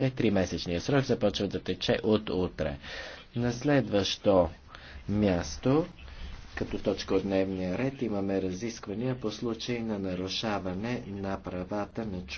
е тримесечния срок започва да тече от утре. На следващо място, като точка от дневния ред, имаме разисквания по случай на нарушаване на правата на човека.